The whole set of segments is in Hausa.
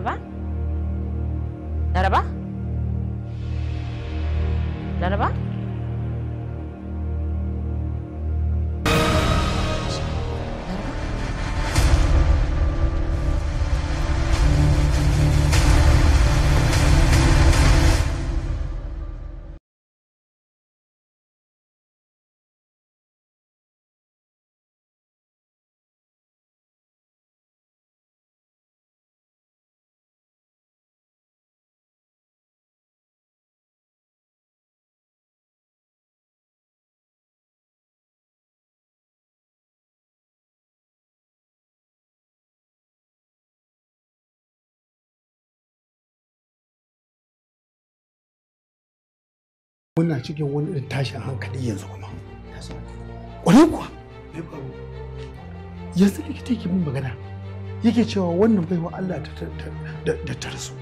Merhaba. Merhaba. muna cikin wani irin tashin hankali yanzu kuma ƙwarai kuwa yanzu likita yake min magana yake cewa wannan baiwa Allah da ta rasu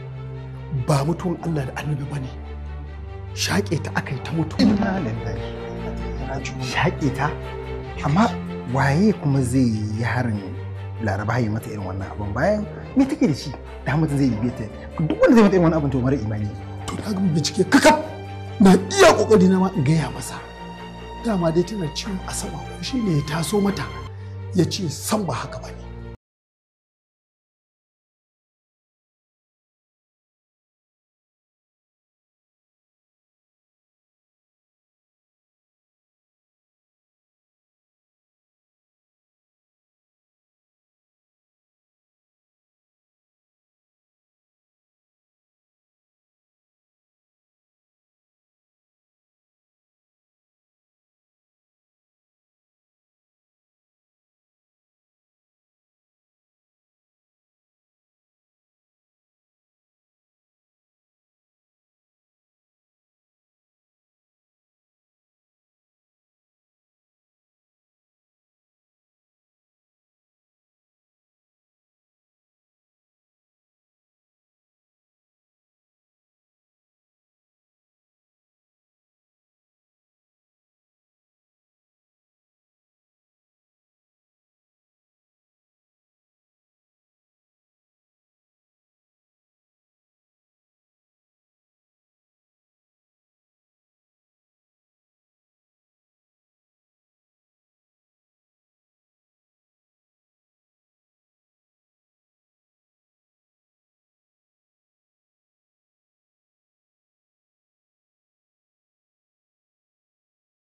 ba mutuwan Allah da annabi ba ne shaƙe ta aka yi ta mutu shaƙe ta amma waye kuma zai yi harin laraba ya mata irin wannan abin bayan me take da shi da mutum zai yi yi. duk wanda zai mata irin wannan abin to mara imani to na bincike kakaf na iya kokari na ma in gaya masa dama dai tana ciwon asaba ko shine ya taso mata ya ce san ba haka ba ne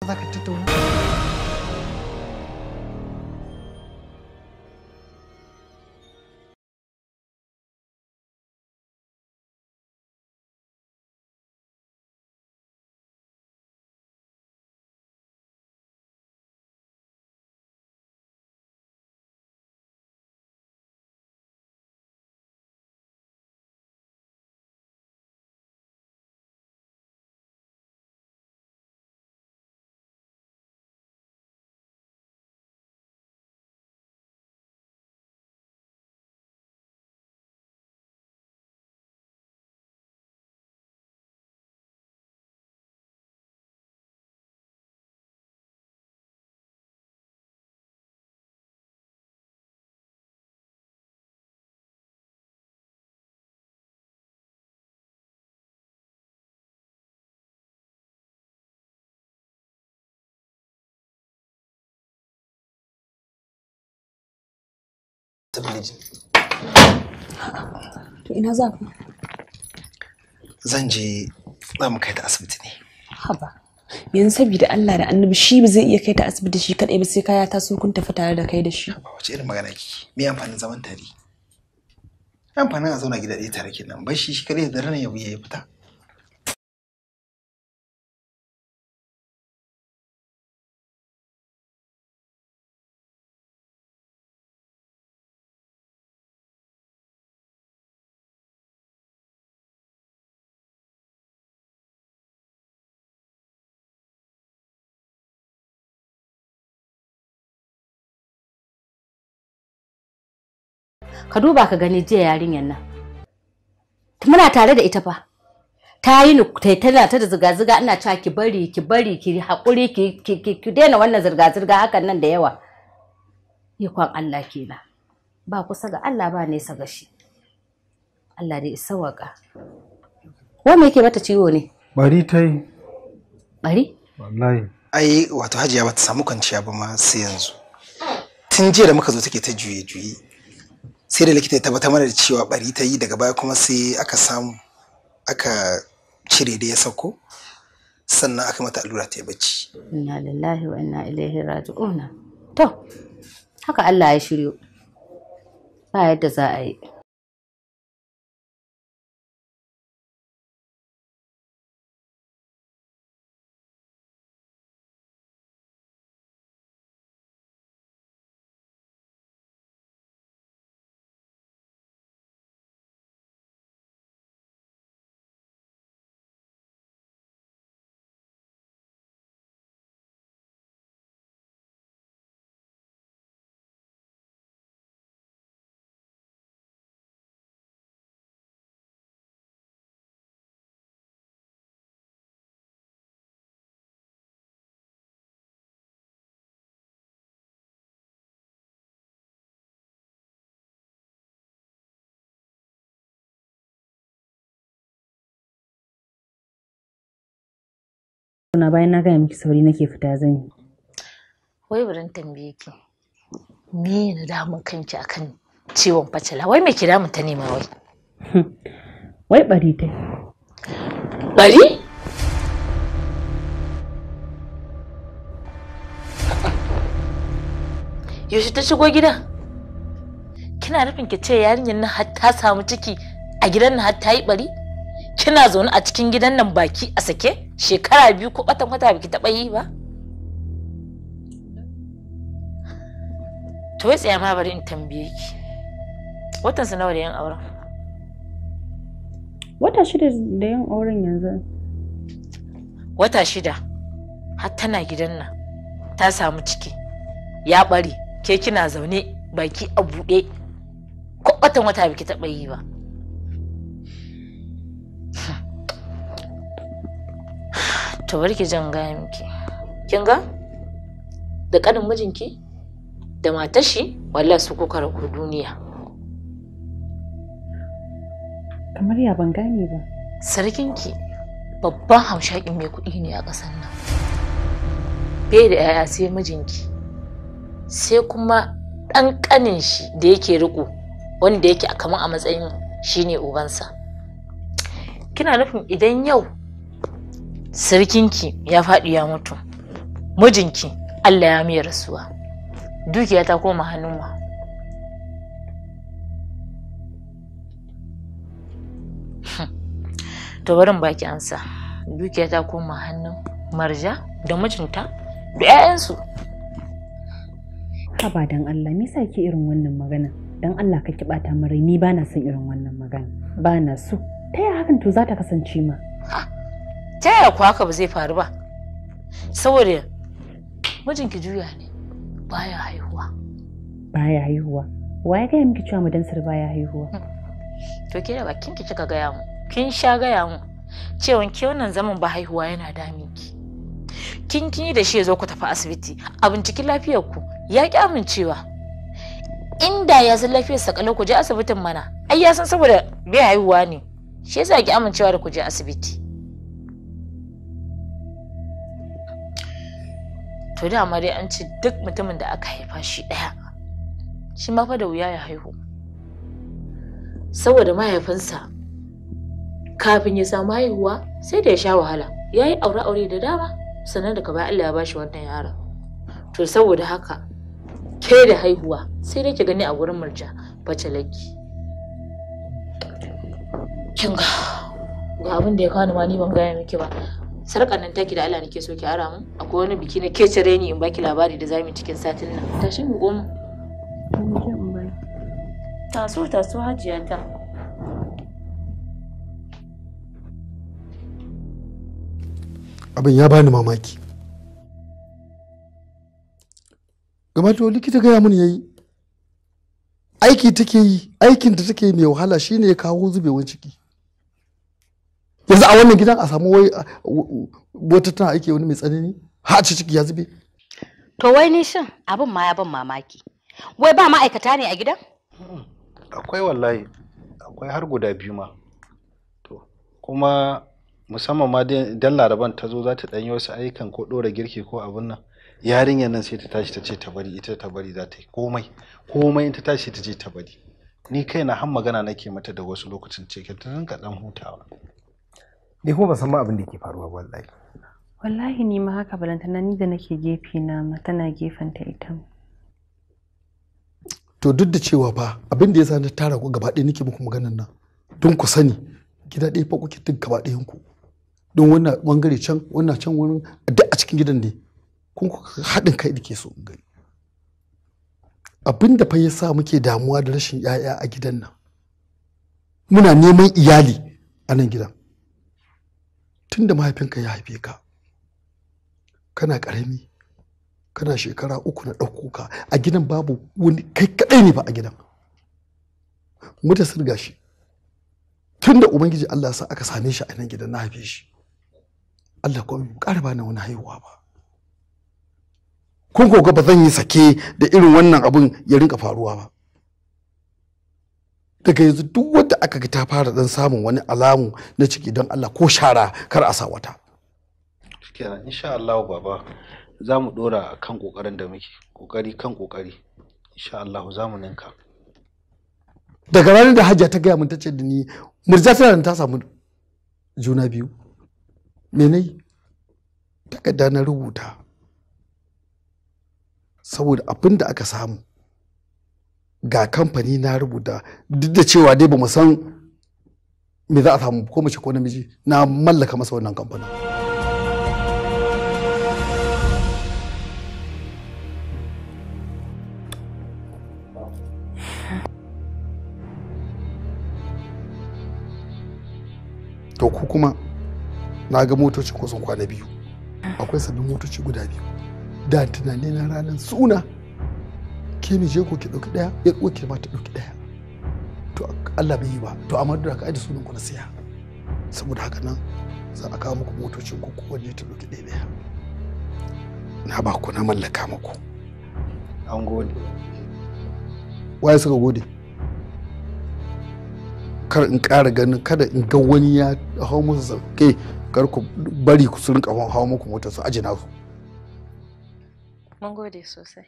কথা কাটতে ta to ina za ku zan je za mu kai ta asibiti ne haba yanzu saboda Allah da annabi shi ba zai iya kai ta asibiti shi kadai ba sai kaya ta so kun tafi tare da kai da shi haba wace irin magana kike me amfanin zaman tare amfanin a zauna gida ɗaya tare kenan bai shi shi kadai da daren ya buya ya fita ka duba ka gani jiya yarinyar nan muna tare da ita fa ta yi tana ta da zirga-zirga ina cewa ki bari ki bari ki haƙuri ki daina wannan zirga-zirga hakan nan da yawa ikon Allah kenan ba kusa ga Allah ba nesa ga shi Allah da sawaka waka wa me yake mata ciwo ne bari ta yi bari wallahi ai wato hajiya ba ta samu kwanciya ba ma sai yanzu tun jiya da muka zo take ta juye juye sai da likita ya tabbatar mana da cewa bari ta yi daga baya kuma sai aka samu aka cire da ya sauko sannan aka mata allura ta yi bacci inna lillahi wa inna ilaihi raji'una to haka Allah ya shiryo ba yadda za a yi suna bayan na gaya miki sauri nake fita zan yi wai burin tambaye ki me na damun kanki akan ciwon facala wai me ki damun ta nema wai wai bari ta bari yaushe ta shigo gida kina nufin ki ce yarinyar nan har ta samu ciki a gidan nan har ta yi bari kina zaune a cikin gidan nan baki a sake shekara biyu ko watan wata biki taɓa yi ba to ya tsaya ma bari in tambaye ki watan su nawa da yan auren wata shida da yan auren yanzu wata shida har tana gidan nan ta samu ciki ya bari ke kina zaune baki a buɗe ko watan wata biki taɓa yi ba ta barki jan gaya miki kin ga da kanin mijinki da matar shi wallahi su kuka rabu duniya kamar ya ban gane ba sarkinki babban haushakin mai kuɗi ne a ƙasar nan bai da 'ya'ya sai mijinki sai kuma ɗan ƙanin shi da yake riƙo wanda yake kamar a matsayin shine ubansa kina nufin idan yau sarkinki ya faɗi ya mutu mijinki allah ya miya rasuwa dukiya ta koma hannunwa to barin baki ansa dukiya ta koma hannun marja da mijinta da 'ya'yansu haba don allah nisa ke irin wannan magana don allah ka bata mara ni ba na son irin wannan magana ba na so ta yaya hakan to za ta kasance ma ta yaya ku haka ba zai faru ba saboda mijinki juya ne baya haihuwa baya haihuwa waye gaya miki cewa mu dansar baya haihuwa hmm. to ke da bakin ki kika gaya mu kin sha gaya mu cewa ke wannan zaman ba haihuwa yana daminki kin kin da shi ya zo ku tafi asibiti a binciken lafiyar ku ya ki amincewa inda ya san lafiyar sa ku je asibitin mana ai ya san saboda bai haihuwa ne shi yasa ki amincewa da ku je asibiti to dama dai an ce duk mutumin da aka haifa shi ɗaya shi ma fa da wuya ya haihu saboda mahaifinsa kafin ya samu haihuwa sai da ya sha wahala ya yi aure-aure da dama sannan daga baya Allah ya bashi wannan yaron to saboda haka ke da haihuwa sai dai ki gani a wurin murja bacalaki kin ga ga abin da ya kawo ni ban gaya miki ba sarkar nan taki da Allah nake so ki ara mu akwai wani biki na kecere ni in baki labari da zamu cikin satin nan tashi mu goma taso taso hajiya ta abin ya bani mamaki gabato likita gaya mun yayi aiki take yi aikin da take yi mai wahala shine ya kawo zubewan ciki yanzu a wannan gidan a samu wai wata tana aiki wani mai tsanani har ci ciki ya zube to wai ni shin abin ma ya ban mamaki wai ba ma'aikata ne a gidan akwai wallahi akwai har guda biyu ma to kuma musamman ma dan laraban ta zo za ta ɗanyi wasu ayyukan ko ɗora girki ko abin nan yarinyar nan sai ta tashi ta ce ta bari ita ta bari za ta yi komai komai in ta tashi ta ce ta bari ni kai na han magana nake mata da wasu lokacin ce ta rinka dan hutawa ni kuma ban san ma abin da ke faruwa wallahi wallahi ni ma haka balantana ni da nake gefe na mata tana gefen ta ita to duk da cewa ba abin da yasa na tara ku gaba ɗaya nake muku maganar nan don ku sani gida ɗaya fa kuke duk gaba ɗayan ku don wannan bangare can wannan can wani duk a cikin gidan ne kun ku haɗin kai da ke so gani abin da fa yasa muke damuwa da rashin 'ya'ya a gidan nan muna neman iyali a nan gidan tun da mahaifinka ya haife ka kana ƙarami kana shekara uku na ɗauko a gidan babu wani kai kaɗai ne ba a gidan muta sirga shi tun da ubangiji allah sa aka same shi a nan gidan na haife shi allah kuma bai ƙara bani wani haihuwa ba kun ko ba zan yi sake da irin wannan abun ya rinka faruwa ba daga yanzu duk wanda aka ga ta fara dan samun wani alamu na ciki don Allah ko shara kar a sa wata kenan insha Allah baba za mu dora kan kokarin da muke kokari kan kokari insha Allah za mu ninka daga ranar da hajja ta gaya mun ta ce da ni murja tana ta samu juna biyu me ne takarda na rubuta saboda abin da aka samu ga kamfani na rubuta duk da cewa dai ba mu san me za a samu ko mace ko namiji na mallaka masa wannan kamfanin to ku kuma na ga motoci ko sun kwana biyu akwai sabbin motoci guda biyu da tunani na ranar suna ke mi je ku ki ɗauki ɗaya ya ɗauki ma ta ɗauki ɗaya to Allah bai yi ba to amma da ka aji sunan ku na siya saboda haka nan za a kawo muku motocin ku kowanne ta ɗauki ɗaya ɗaya na ba ku na mallaka muku an gode waye suka gode kar in ƙara ganin kada in ga wani ya hau musu sauke kar ku bari ku su rinƙa hau muku motar su aji su mun gode sosai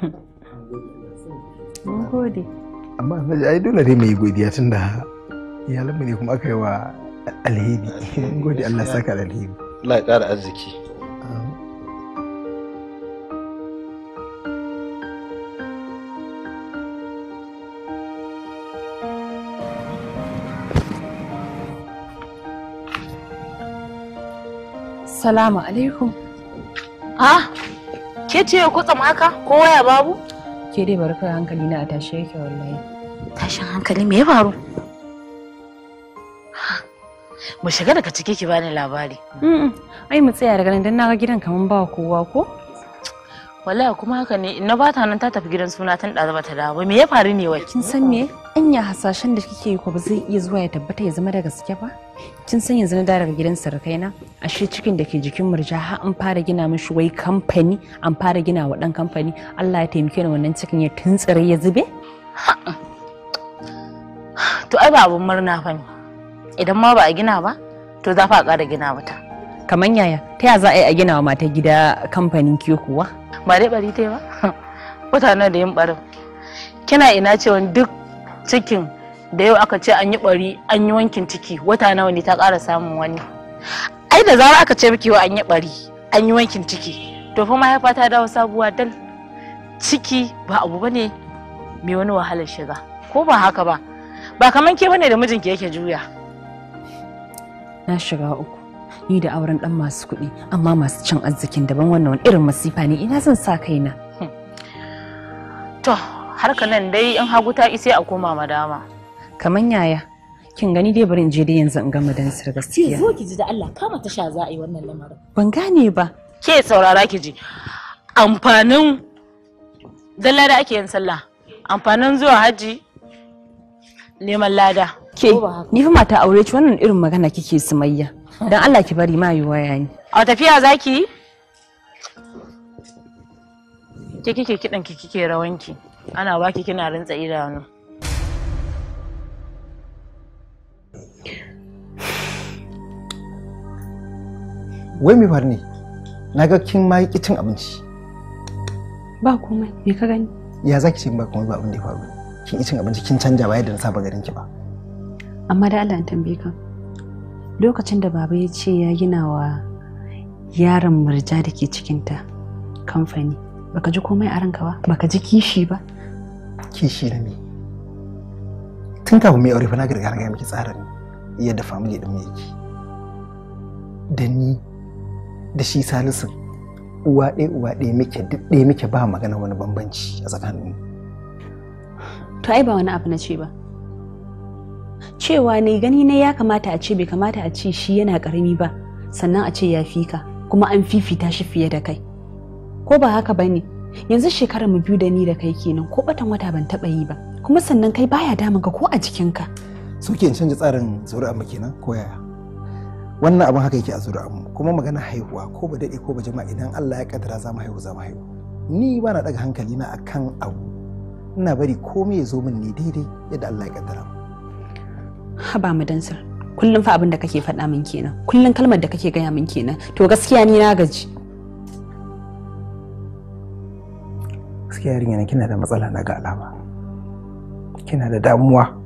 mun gode amma ai dole dai mai godiya tun da iyalanmu ne kuma aka yi wa alheri mun gode Allah saka da alheri Allah ya ƙara arziki Salamu alaikum. Ah, ke ce ya kutsam haka ko waya babu? ke dai bari kai hankali na a tashe yake wallahi tashin hankali me ya faru mu shiga daga ciki ki bani labari ai mu tsaya daga nan dan naga gidan kaman ba kowa ko wallahi kuma haka ne na bata nan ta tafi gidan suna tun da ba ta dawo me ya faru ne wai kin san me anya hasashen da kike yi ko ba zai iya zuwa ya tabbata ya zama da gaske ba kin san yanzu na da daga gidan sarkaina ashe cikin da ke jikin murja har an fara gina mishi wai kamfani an fara gina wa dan kamfani Allah ya taimake ni wannan cikin ya tuntsire ya zube to ai ba abun murna fa ne idan ma ba a gina ba to za fa a ƙara gina wata kaman yaya ta ya za a yi a gina wa mata gida kamfanin ke kuwa ba dai bari ta ba mutanen da yin barin kina ina cewa duk cikin da yau aka ce an yi bari an yi wankin ciki wata nawa ne ta ƙara samun wani ai da zarar aka ce miki wa an yi bari an yi wankin ciki to fa mahaifa ta dawo sabuwa dal ciki ba abu bane mai wani wahalar shiga ko ba haka ba ba kaman ke bane da mijinki yake juya na shiga uku ni da auren dan masu kuɗi amma masu cin arzikin daban wannan irin masifa ne ina zan sa kaina to harka nan dai in hagu ta isa a koma madama kaman yaya kin gani dai bari in je dai yanzu in gama dansar gaskiya zo ki ji da Allah kama ta sha za a yi wannan lamarin ban gane ba ke saurara ki ji amfanin dalla da ake yin sallah amfanin zuwa haji neman lada ke ni fa mata aure ci wannan irin magana kike sumayya dan Allah ki bari ma yi waya ni a tafiya zaki ke kike kidan ki kike rawanki ana baki kina rintsa idanu wai me faru ne na ga kin ma ki cin abinci ba komai me ka gani ya zaki ce ba komai ba abin da ya faru kin ki cin abinci kin canja ba yadda na saba garin ki ba amma da Allah in tambaye ka lokacin da baba ya ce ya gina wa yaron murja da ke cikinta kamfani baka ji komai a ranka ba baka ji kishi ba kishi na me tun kafin mai aure fa na gargara ga miki tsarin yadda family din mu yake da ni da shi salisu uwa ɗaya uwa ɗaya muke duk ɗaya muke ba magana wani bambanci a tsakanin to ai ba wani abu na ce ba cewa ne gani na ya kamata a ce bai kamata a ce shi yana karami ba sannan a ce ya fika, kuma an fifita shi fiye da kai ko ba haka ba ne yanzu shekarar mu biyu da ni da kai kenan ko batan wata ban taba yi ba kuma sannan kai baya damun ka ko a jikinka su ke canza tsarin zuri'a mu kenan ko yaya wannan abin haka yake a zuri'a mu kuma magana haihuwa ko ba dade ko ba jama'a idan Allah ya kaddara za mu haihu za mu haihu ni ba na daga hankali na akan abu ina bari komai ya zo min ne daidai yadda Allah ya kaddara haba mu sir kullum fa abin da kake faɗa min kenan kullum kalmar da kake gaya min kenan to gaskiya ni na gaji gaskiya yarinya kina da matsala na ga alama kina da damuwa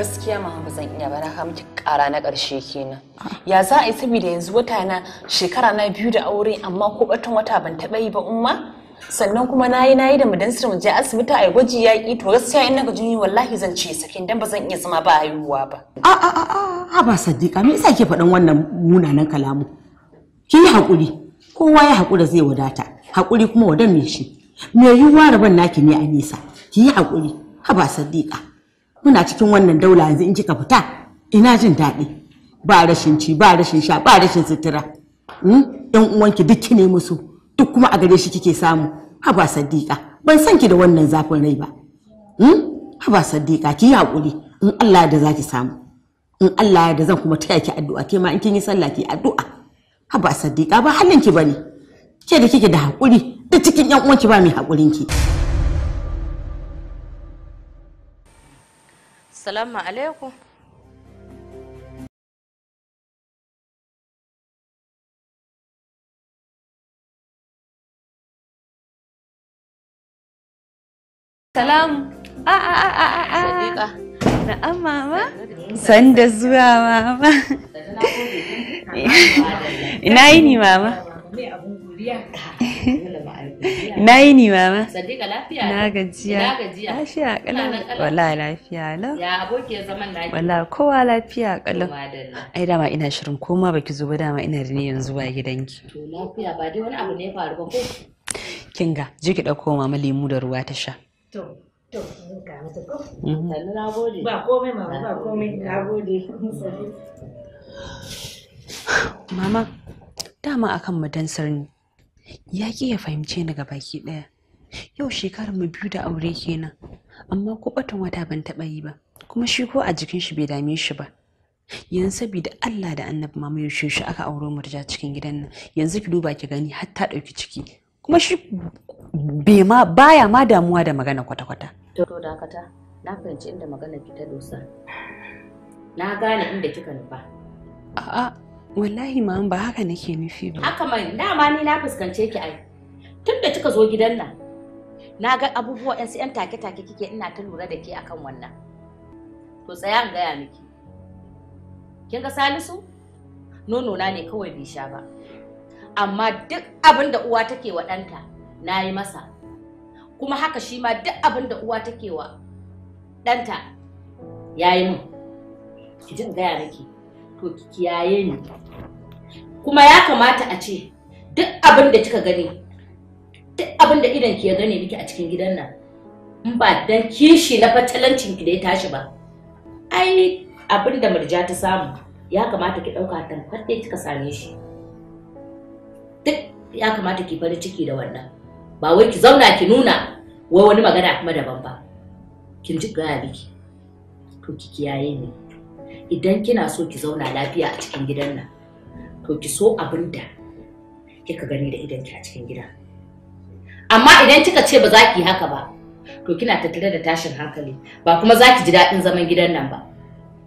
gaskiya ma ba zan iya ba na ka miki ƙara na ƙarshe kenan ya za a yi saboda yanzu wata na shekara na biyu da aure amma ko batun wata ban taɓa yi ba umma sannan kuma na yi na yi da mudansir mu je asibiti a yi gwaji ya ki to gaskiya in ga jini wallahi zan ce sakin dan ba zan iya zama ba haihuwa ba a a a a ba sadiqa me yasa ke faɗin wannan munanan kalamu ki yi haƙuri kowa ya haƙura zai wadata haƙuri kuma wadan me shi me yiwuwa rabon naki ne a nisa ki yi haƙuri ba sadiqa muna cikin wannan daula yanzu in kika fita ina jin daɗi ba rashin ci ba rashin sha ba rashin sutura hmm? yan uwanki duk ki musu duk kuma a gare shi kike samu haba sadiqa ban san ki da wannan zafin rai ba hmm? haba sadiqa ki hakuri in Allah da zaki samu in Allah da zan kuma taya ki addu'a ke ma in kin yi sallah ki addu'a haba sadiqa ba halin ki bane ke da kike da hakuri duk cikin ɗan uwanki ba mai hakurin ki Salamu alaikum. Salam. A ah, a ah, a ah, a a Sadiqa. Na'am mama. San da zuwa mama. Ina yini mama. biya na yi ni mama sadiqa lafiya na gajiya na gajiya a kalan wala lafiya lau ya abokiyar zaman lafiya wallahi kowa lafiya kalan ai dama ina shirin koma baki zo ba dama ina da yanzu ba gidanki to lafiya ba dai wani abu ne ya faru ba ko kinga je ki dauko mama lemu da ruwa ta sha to to ga mata ko mhm. na gode ba komai mama ba komai na gode mama dama akan madansar ne ya ki ya fahimce ni ki ɗaya yau shekarar mu biyu da aure kenan amma ko batun wata ban taɓa yi ba kuma shi ko a jikin shi bai dame shi ba yanzu saboda Allah da annabi mama ya yaushe shi aka auro murja cikin gidan nan yanzu ki duba ki gani har ta ɗauki ciki kuma shi bai ma baya ma damuwa da magana kwata-kwata. da dakata, na fahimci inda magana ki ta dosa. Na gane inda kika nufa. A'a, Wallahi ma ba haka nake nufi ba. Haka mai dama ni na fuskance ki ai. Tun da kika zo gidan nan na ga abubuwa yan yan take-take kike ina ta lura da ke akan wannan. To tsaya in gaya miki. Kin ga Salisu? Nono na ne kawai bai sha ba. Amma duk abin da uwa take wa ɗanta na yi masa. Kuma haka shi ma duk abin da uwa take wa ɗanta ya yi min. Ki jin gaya miki. to ki kiyaye ni kuma ya kamata a ce duk abin da kika gani duk abin da idan ki ya gane miki a cikin gidan nan in ba dan kishi na fatalancin ki da ya tashi ba ai abin da murja ta samu ya kamata ki ɗauka tamkar dai kika same shi duk ya kamata ki farin ciki da wannan ba wai ki zauna ki nuna wai wani magana kuma daban ba kin ji gaya biki, to ki kiyaye ni idan kina so ki zauna lafiya a cikin gidan nan to ki so abin da kika gani da idan ki a cikin gida amma idan kika ce ba za ki haka ba to kina tattare da tashin hankali ba kuma za ki ji daɗin zaman gidan nan ba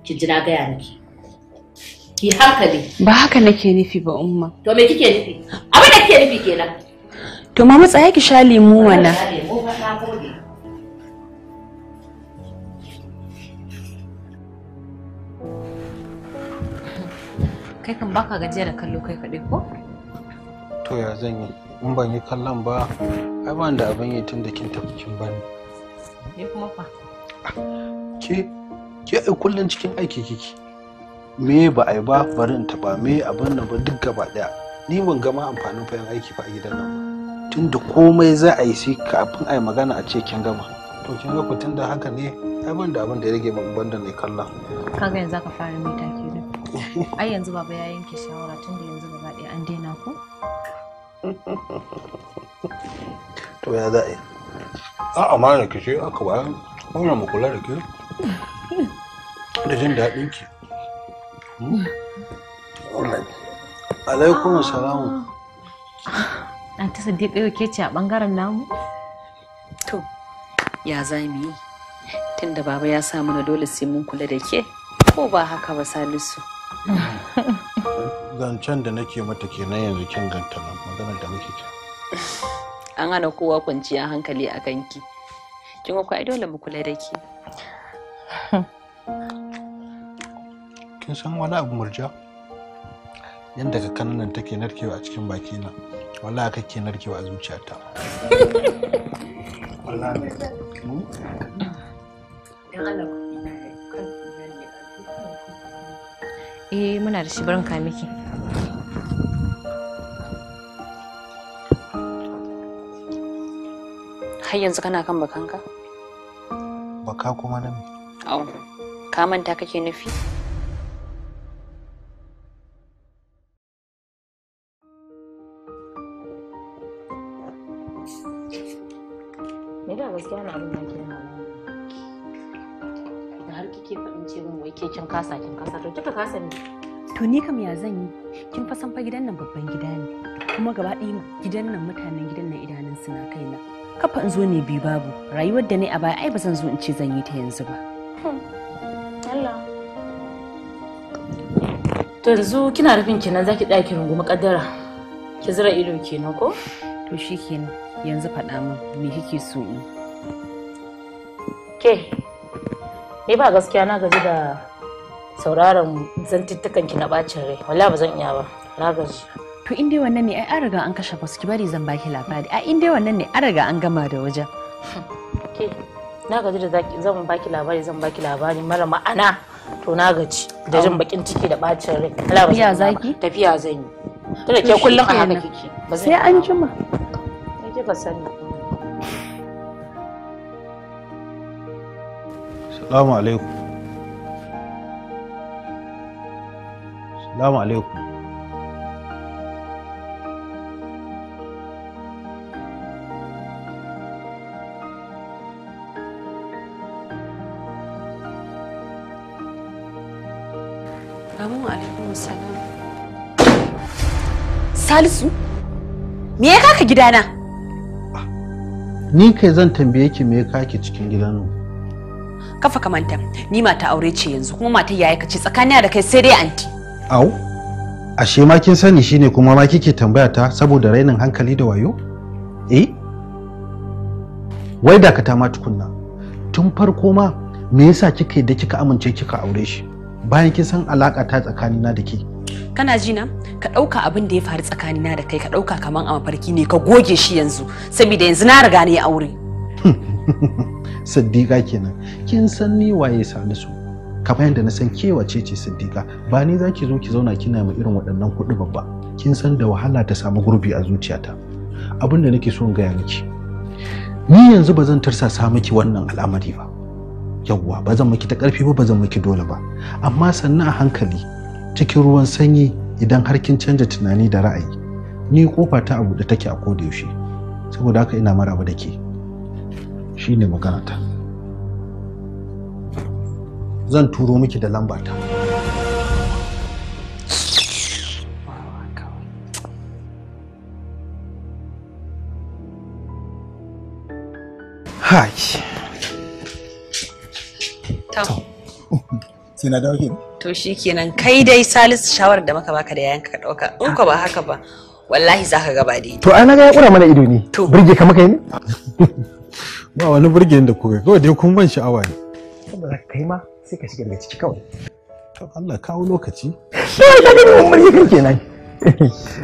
ki ji na gaya miki ki hankali ba haka nake nufi ba umma to me kike nufi abin da kike nufi kenan to mama tsaya ki sha lemu wana kai kan baka gajiya da kallo kai kaɗai ko? To ya zan yi in ban yi kallon ba ai ban da abin yi tun da kin tafi kin bani. Ni kuma fa. Ke ke ai kullun cikin aiki kiki. Me ba ai ba bari in taba me abin nan ba duk gaba daya. Ni ban gama amfanin fayan aiki fa a gidan nan Tun da komai za a yi sai kafin a yi magana a ce kin gama. To kin ga ku tun da haka ne ai ban da abin da ya rage min ban da ne kallon. Kaga yanzu ka fara mai ai yanzu baba ya yanke shawara tun da yanzu gaba ɗaya an daina ku to ya za a yi a amana ki ce aka bayan wannan mu kula da ke da jin daɗin ki alaikum salamu ah. an ta sadi ɗaya ke ce a ɓangaren namu to ya za mu yi tunda baba ya sa mana dole sai mun kula da ke ko ba haka ba salisu zancen da nake mata kenan yanzu kin ganta nan maganar da muke ta an hana kowa kwanciya hankali a kanki kin ga ai dole mu kula da ki kin san wani abu murja yadda ka kanan take narkewa a cikin baki na wallahi kake narkewa a zuciyata wallahi eh muna da shi barin miki har yanzu kana kan bakanka baka kuma na me ka manta kake nufi to ni kam ya zan yi kin fa san fa gidan nan babban gida ne kuma gaba ɗaya gidan nan mutanen gidan nan idanun suna kaina kafa in zo ne bi babu rayuwar da ne a baya ai ba zan zo in ce zan yi ta yanzu ba hmm. Allah to yanzu kina rufin kenan zaki ɗaya ki rungumi kaddara ki zira ido kenan ko to shi kenan. yanzu faɗa min me kike so ke ni ba gaskiya na gaji da sauraron zantuttukan ki na bacin rai wala ba zan iya ba na gaji to in dai wannan ne ai an riga an kashe basu ki bari zan baki labari ai in dai wannan ne an riga an gama da wajen ke na gaji da zan baki labari zan baki labari mara ma'ana to na gaji da jin bakin ciki da bacin rai wala ba zan zaki tafiya zan yi tunda ke kullum a haka kike sai an ne ke kika sani Assalamu alaikum. Salamu alaikum. Salisu, me ya kaka gidana? Ni kai zan tambaye ki me ya kake cikin gidan Kafa kamanta, ni mata aure ce yanzu kuma mata yaya ce, tsakaniya da kai sai dai anti. Au, ashe ma kin sani shine kuma ma kike tambaya ta saboda rainin hankali da wayo? Eh? Wai dakata ma tukunna. Tun farko ma me yasa kika da kika amince kika aure shi? Bayan kin san alaka ta tsakanina da ke. Kana ji na? Ka ɗauka abin da ya faru tsakanina da kai ka ɗauka kaman a mafarki ne ka goge shi yanzu saboda yanzu na riga ne aure. saddiqa kenan. Kin san ni waye Salisu? kamar yadda na san kewace ce siddiƙa ba ni za zo ki zauna kina mai irin waɗannan kuɗi babba kin san da wahala ta samu gurbi a zuciyata abin da nake so in gaya miki ni yanzu ba zan tarsasa miki wannan al'amari ba yawwa ba zan miki ta ƙarfi ba ba zan miki dole ba amma sannan a hankali cikin ruwan sanyi idan har kin canja tunani da ra'ayi ni kofa ta abu da take a koda yaushe saboda haka ina maraba da ke shine magana ta zan turo miki da lamba ta Hai. To shi kenan kai dai Salisu shawarar da maka baka da yayanka ka dauka. In ko ba haka ba wallahi zaka ga ba dai. To ai na ga kura mana ido ne. burge ka muka ne? Ba wani burge da kuka kawai dai kun ban sha'awa ne. kai ma sai ka shiga daga ciki kawai to Allah kawo lokaci sai ka ga mun murya kake nan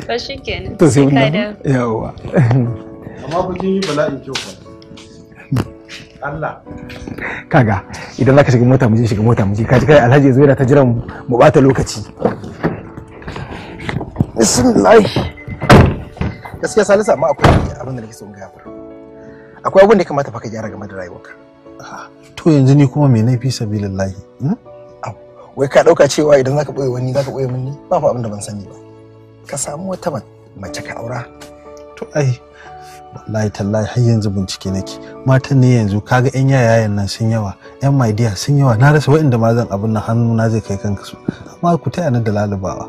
ba shi kenan to sai ka da yawa amma ku kin yi bala'in kyau fa Allah kaga idan zaka shiga mota mu je shiga mota mu je kaji kai Alhaji yazo yana ta jira mu bata lokaci bismillah gaskiya Salisu amma akwai abin da nake so in gaya akwai abin da ya kamata fa ka gyara game da rayuwarka to yanzu ni kuma me laifi sabilillahi hmm? wai ka dauka cewa idan zaka boye wani zaka boye mun ni ba fa abin ban sani ba ka samu wata mace ka aura to ai wallahi tallahi har yanzu bincike nake matan ne yanzu kaga yan yayayen nan sun yawa yan my dear sun yawa na rasa wa'inda ma zan abin nan hannu na zai kai kanka su amma ku taya ni da lalubawa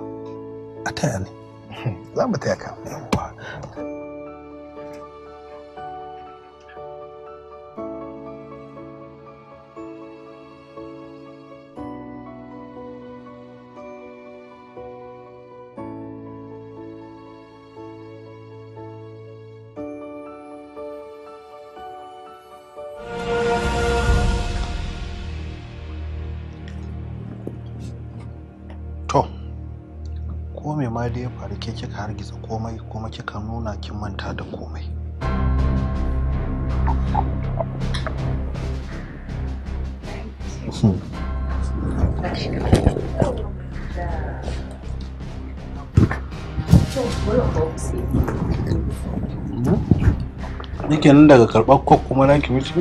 a taya ne za mu taya ka ko ma da ya faru ke kika hargitsa komai kuma kika nuna kin manta da komai Nike nan daga karɓar kok kuma na ki wuce?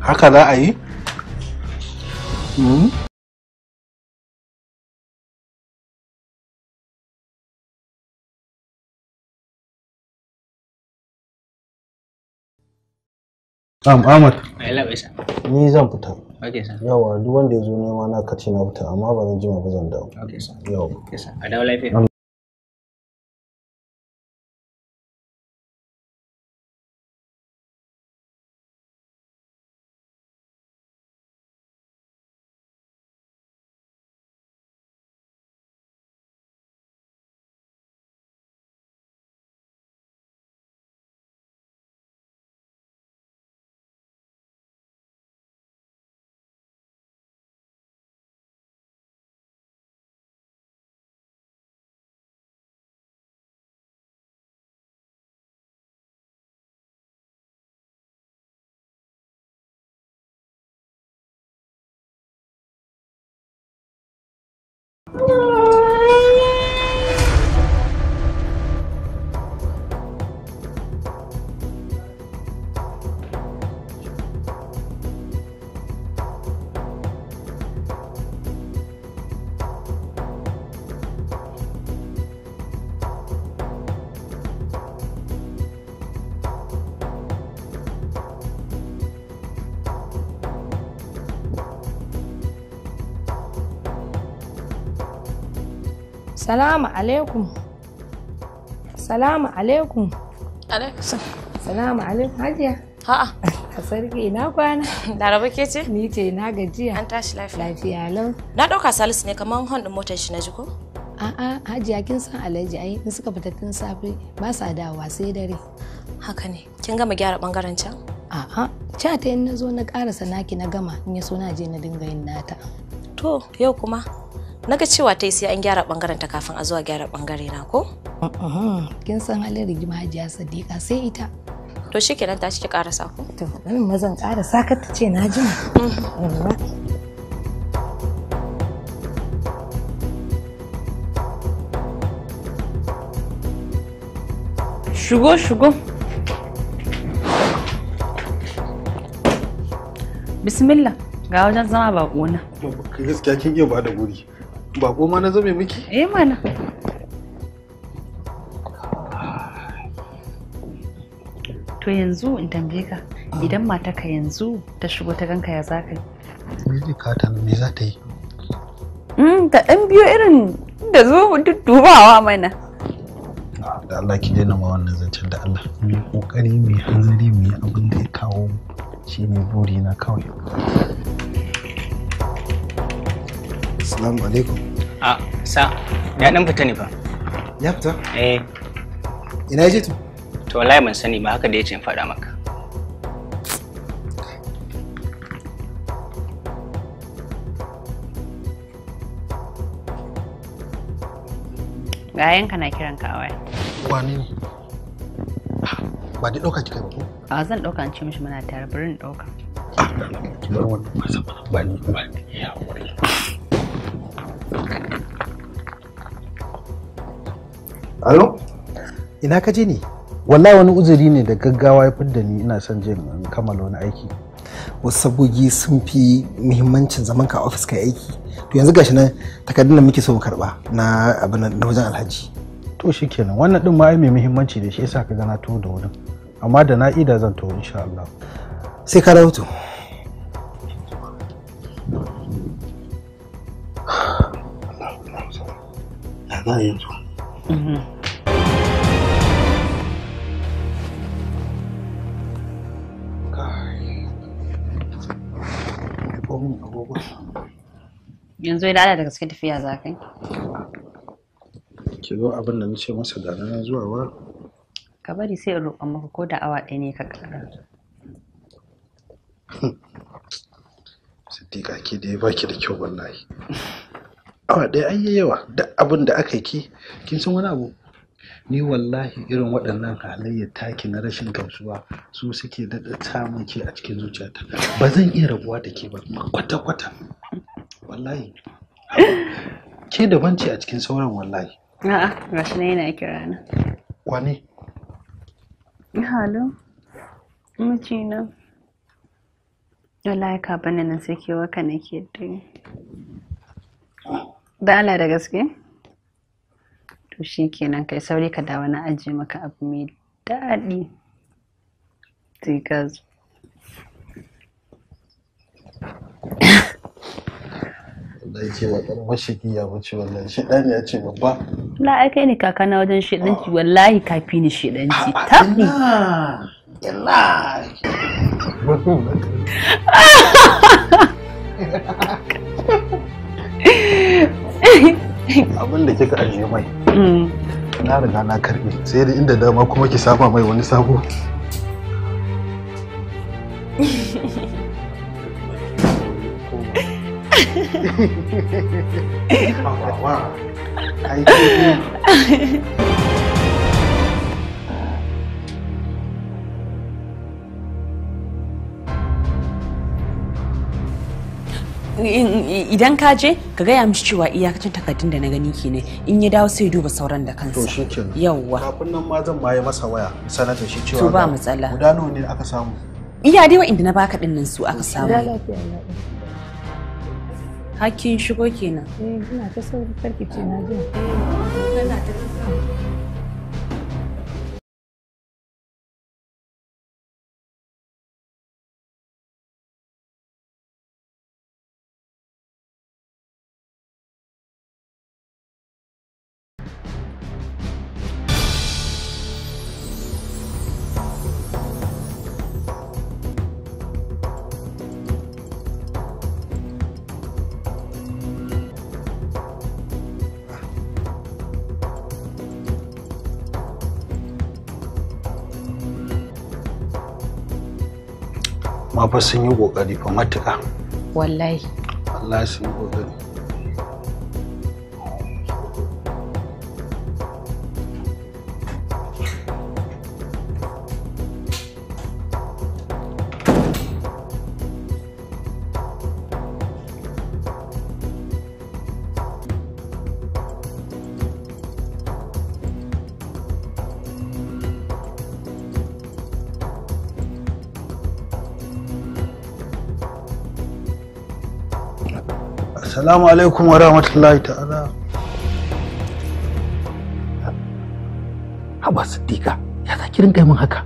Haka za a yi? Hmm? Am Ahmad. Ni zan fita. Yawa duk wanda ya zo nema na kace na fita amma ba zan jima ba zan dawo. Yawa. A dawo lafiya. salamu alaikum salamu alaikum salamu alaikum hajiya ha'a a sarki ina kwana laraba ke ce ni ce na gajiya an tashi lafiya lafiya lau na ɗauka salisu ne kamar hon ɗin motar shi na jiko a'a hajiya kin san alhaji ai in suka fita tun safe ba sa dawowa sai dare haka ne kin gama gyara bangaren can a'a ca ta yin na zo na karasa naki na gama in ya so na je na dinga yin nata to yau kuma naga cewa ta yi sai an gyara bangaren ta kafin a zuwa gyara bangare na ko kin san halin rigima hajiya sadiqa sai ita to shikenan ta cike karasa ko to nan mazan karasa ka ta ce na ji mm-hmm. shugo shugo Bismillah ga wajen zama bakona. Gaskiya kin iya ba da guri. ba ma na zame miki? eh mana to yanzu in tambaye ka idan matarka yanzu ta shigo ta ganka ya za ka yi ka ta me za ta yi hmm, ta ɗan biyo irin da zo dubawa mana da Allah ki daina ma wannan zancen da Allah mai kokari mai hanzari mai abin da ya kawo shi ne buri na kawai Assalamu alaikum. A sa ya dan fita ne fa. Ya fita? Eh. Ina ji tu? To wallahi ban sani ba haka da yace in faɗa maka. Gayan kana kiran ka waya. Wani ne? Ba da ɗauka kika ba ko? A zan ɗauka an ce mishi muna tare bari ɗauka. Ah, ba ba ni ba ni ya wuri. Alo? Ina ka je ni? Wallahi wani uzuri ne da gaggawa ya da ni ina son jin in kammala wani aiki. Wasu sabogi sun fi muhimmancin zaman ka ofis kai aiki. To yanzu gashi nan takardun da muke so mu karba na abin na wajen Alhaji. To shikenan wannan din ma ai mai muhimmanci da shi yasa ka gana na to da wurin. Amma da na ida zan to insha Allah. Sai ka dawo to. yanzu. Mhm. yanzu ya ala gaske tafiya za kai ki zo abin da nace masa da na zuwa wa ka bari sai in roƙon maka ko da awa ɗaya ne ka ƙara Siddiƙa ke da ya baki da kyau wallahi awa ɗaya an yi yawa duk abin da aka yi kin san wani abu ni wallahi irin waɗannan halayyar taki na rashin gamsuwa su suke daɗa samun ke a cikin zuciyata ba zan iya rabuwa da ke ba kwata-kwata wallahi ke da banci a cikin sauran wallahi a'a gashi ne yana kira na wane halo na wallahi ka bane nan sai kewa ka nake da da Allah da gaske to shikenan kenan kai sauri ka dawo na ajiye maka abu mai daɗi sai ka zo wallahi ce ba karamar shakiya ba ce wallahi ya ce babba la ai kai ne kaka na wajen ci ah. wallahi kafi ni ci ah, ah, tafi yalla abin da kika ajiye mai mm. na riga na karɓi. sai da inda dama kuma ki saba mai wani sabo idan ka je ka gaya mishi cewa iyakacin takardun da na gani ke ne in ya dawo sai duba sauran da kansa to shikenan yawa kafin nan ma zan maye masa waya sanata shi cewa to ba matsala guda nawa ne aka samu iya dai wa'inda na baka dinnan su aka samu hakkin shigo kenan eh ina ta sauri karki na na Eh, ina ta fa sun yi kokari fa matuƙa wallahi wallahi sun yi kokari Assalamu alaikum wa rahmatullahi ta'ala. Haba Siddiqa, ya za ki rinka min haka?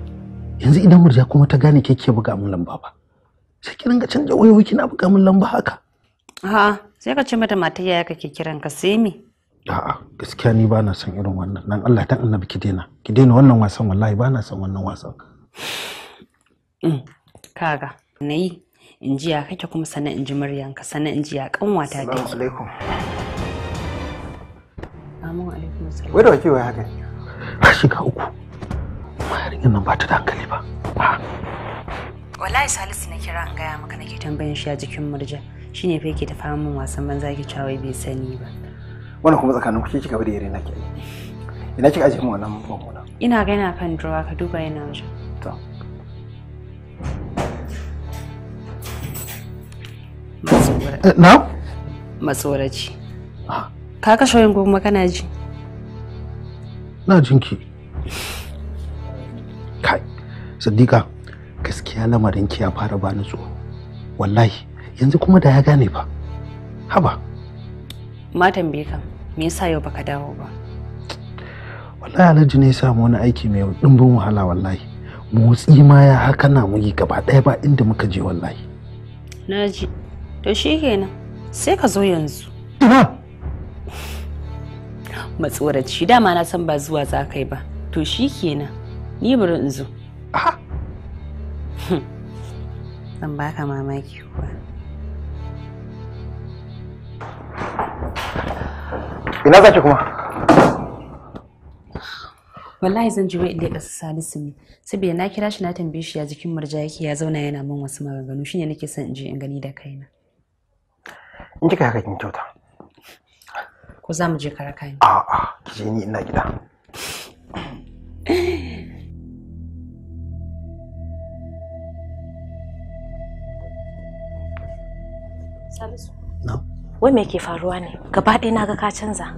Yanzu idan murja kuma ta gane ke ke buga min lamba ba. Sai ki rinka canja wayoyi kina buga min lamba haka. Ha, sai ka ce mata mata yaya kake kiran ka sai me? A'a, gaskiya ni ba na son irin wannan. Dan Allah ta Annabi ki daina. Ki daina wannan wasan wallahi ba na son wannan wasan. Mm, kaga, nayi in ji ya kake kuma sannan in ji ka sannan in ji ya kanwata ta ke. alaikum amin alaikum salam wai da wake wai haka ba shiga uku ma yarinyar nan ba ta da hankali ba wallahi salisu na kira an gaya maka nake tambayin shi a jikin murja shine fa yake ta fara min wasan banza ki cawai bai sani ba wannan kuma tsakanin ku kike bada yare yare nake ina kika aje min wannan mamuna ina ga yana kan drawer ka duba yana wajen matsoraci. Eh, na? Matsoraci. Ah. Ka kashe wayan kuma kana ji? Na jinki. Kai, Siddiqa, gaskiya lamarin ki ya fara bani tsoro. Wallahi, yanzu kuma da ya gane fa. Haba. Ma tambaye ka, me yasa yau baka dawo ba? Wallahi Alhaji ne ya samu wani aiki mai dimbin wahala wallahi. motsi ma ya haka na muyi gaba ɗaya ba inda muka je wallahi. Na ji to shi kenan sai ka zo yanzu ina shi dama na san ba zuwa za kai ba to shi kenan ni bari in zo hmm. zan baka mamaki kuwa ina zaki kuma wallahi zan ji wa'in inda ya salisu ne saboda na kira shi na tambaye shi ya jikin murja yake ya zauna yana min wasu maganganu shine nake son in je in gani da kaina in kika haka kin kyauta ko za mu je karaka ne a'a ki je ni ina gida Salisu. Wai me ke faruwa ne? Gaba ɗaya naga ka canza.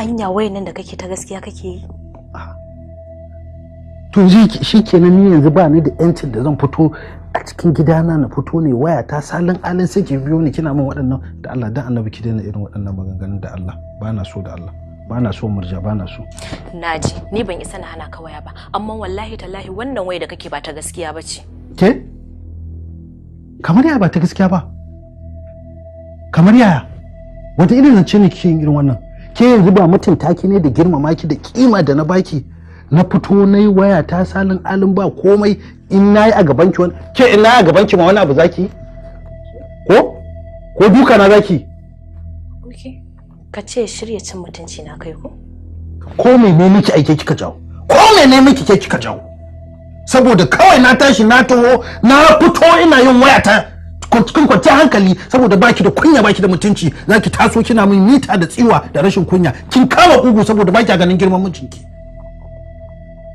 Anya wayannan da kake ta gaskiya kake yi? to shi kenan ni yanzu ba ni da yancin da zan fito a cikin gidana na fito ne waya ta salin alin sai ki biyo ni kina min waɗannan da Allah dan annabi ki daina irin waɗannan maganganun da Allah ba na so da Allah ba na so murja ba na so naji ni ban isa na hana ka waya ba amma wallahi tallahi wannan waya da kake ba ta gaskiya ba ce ke kamar yaya ba ta gaskiya ba kamar yaya wata irin zance ne kike yin irin wannan ke yanzu ba mutunta ki ne da girmama ki da kima da na baki na fito na yi waya ta salin alin ba komai in na yi a gaban ki wani ke in na yi a gaban ki ma wani abu zaki ko ko duka na zaki ka ce shirya cin mutunci na kai ko ko ne miki aike kika jawo ko ne miki ke kika jawo saboda kawai na tashi na taho na fito ina yin waya ta cikin kwanci hankali saboda baki da kunya baki da mutunci zaki taso kina min mita da tsiwa da rashin kunya kin kama kugu saboda baki ganin girman mijinki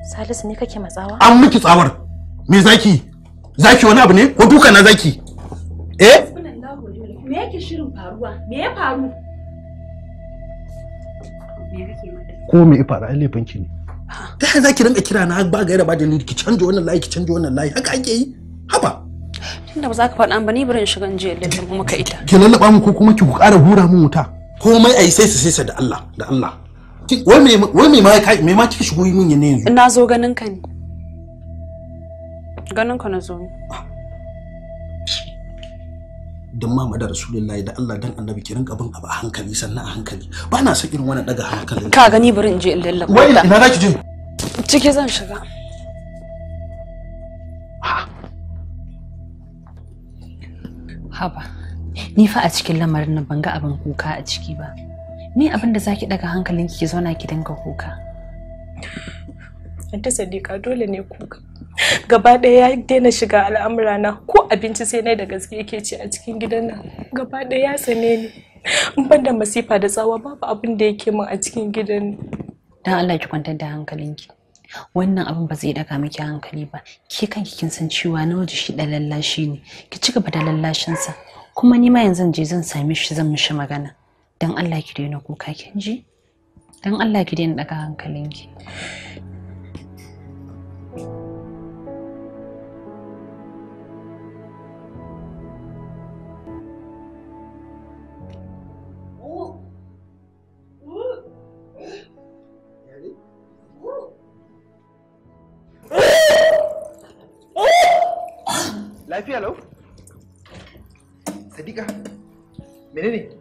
Salisu ne kake matsawa? An miki tsawar. Me zaki? Zaki wani abu ne? Ko duka na zaki? Eh? Me yake shirin faruwa? Me ya faru? Ko me ya faru? Ai laifinki ne. Ta yaya zaki rinka kira na ba gaira ba dalili ki canje wannan layi ki canje wannan layi haka ake yi? Haba. Tunda ba za ka faɗa ba ni burin shiga in je lalle kuma ka ita. Ki lallaba mu ko kuma ki ku ƙara hura mun wuta. Komai ai sai su sai da Allah da Allah. wai me ma kai me ma kika shigo min ne yanzu ina zo ganin ka ne ganin ka na zo dan mama da rasulullahi da Allah dan annabi ki rinka bin abu a hankali sannan a hankali ba na son irin wannan daga hankali ka gani bari in je in lallaba wai ina zaki je ciki zan shiga haba ni fa a cikin lamarin nan ban ga abin kuka a ciki ba me abin da zaki daga hankalin ki zauna ki dinga kuka Anta Sadiqa dole ne kuka gaba ɗaya ya daina shiga al'amura na ko abinci sai na da gaske yake ci a cikin gidan nan gaba ɗaya ya sane ni in ban da masifa da tsawa babu abin da yake min a cikin gidan dan Allah ki kwantar da hankalinki wannan abin ba zai daga miki hankali ba ke kanki kin san cewa na waje shi dalallashi ne ki ci gaba da lallashin sa kuma ni ma yanzu je zan same shi zan mishi magana don Allah ki daina kuka kin ji don Allah ki daina daga hankalinki Lafiya lau? Sadiqa, menene?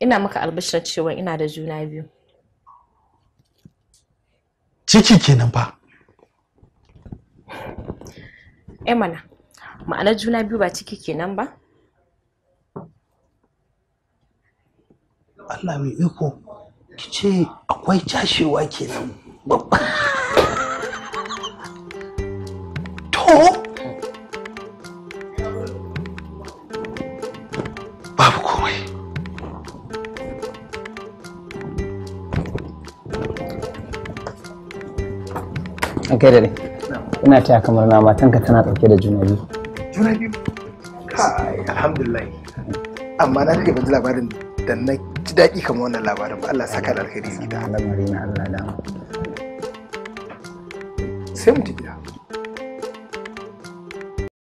ina maka albishir cewa ina da juna biyu ciki kenan fa eh mana ma'anar juna biyu ba ciki kenan ba Allah mai iko ki ce akwai cashewa kenan babba kai da rai ina taya kamar na matanka tana ɗauke da juna biyu juna biyu kai alhamdulillah amma na kai banji labarin da na ji daɗi kamar wannan labarin ba Allah saka da alkhairi gida Allah na Allah da sai mu tafi